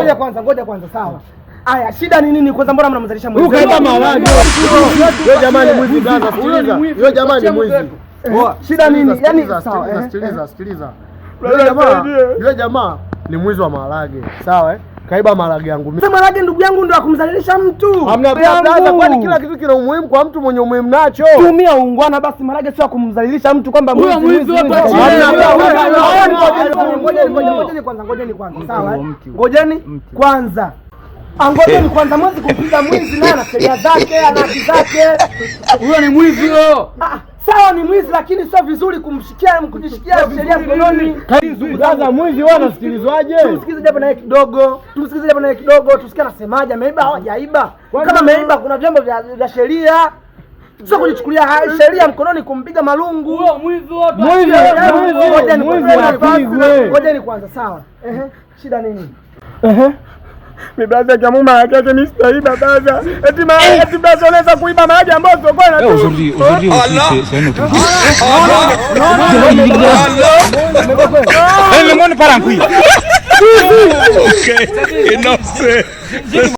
Ngoja kwanza, ngoja kwanza, sawa. Aya, shida ni nini kwanza, mbona mnamzalisha mwizi? Ukaenda malani. Wewe jamani mwizi gaza, sikiliza. Wewe jamani mwizi. Shida nini? Yaani sawa, sikiliza, eh, eh. sikiliza. Yule jamaa, yule jamaa ni mwizi wa maharage. Sawa eh? Kaiba maharage yangu Sema maharage ndugu yangu ndio akumzalilisha mtu. Hamna blaza, kwani kila kitu kina umuhimu kwa mtu mwenye umuhimu nacho. Tumia ungwana basi, maharage sio akumzalilisha mtu kwamba mwizi. Huyo mwizi hapa chini. Ngoja ni kwanza, ngoja ni kwanza. Sawa eh? Ngojeni kwanza. Angoje ni eh. kwanza mwezi kumpiga mwizi, na ana sheria zake, ana haki zake. Huyo ni mwizi huyo. Ah, ah, sawa, ni mwizi lakini sio vizuri kumshikia na kujishikia sheria mkononi. Sasa mwizi wao anasikilizwaje? Tumsikize japo naye kidogo, tumsikize japo naye kidogo, tusikie anasemaje. Ameiba au hajaiba? Kama ameiba, kuna vyombo vya sheria sio kujichukulia sheria mkononi kumpiga malungu. Huyo mwizi Mwizi, mwizi, wote. mwizi. Ngoja ni kwanza, sawa. Ehe, shida nini? Ehe. Mibaza kia muma akeke mister hii babaza. Eti ma eti baza unaweza kuiba maji ambayo sokoni e eh, tu. Uzuri uzuri usisi sema tu. Hey, le monde parle en couille. OK, enough.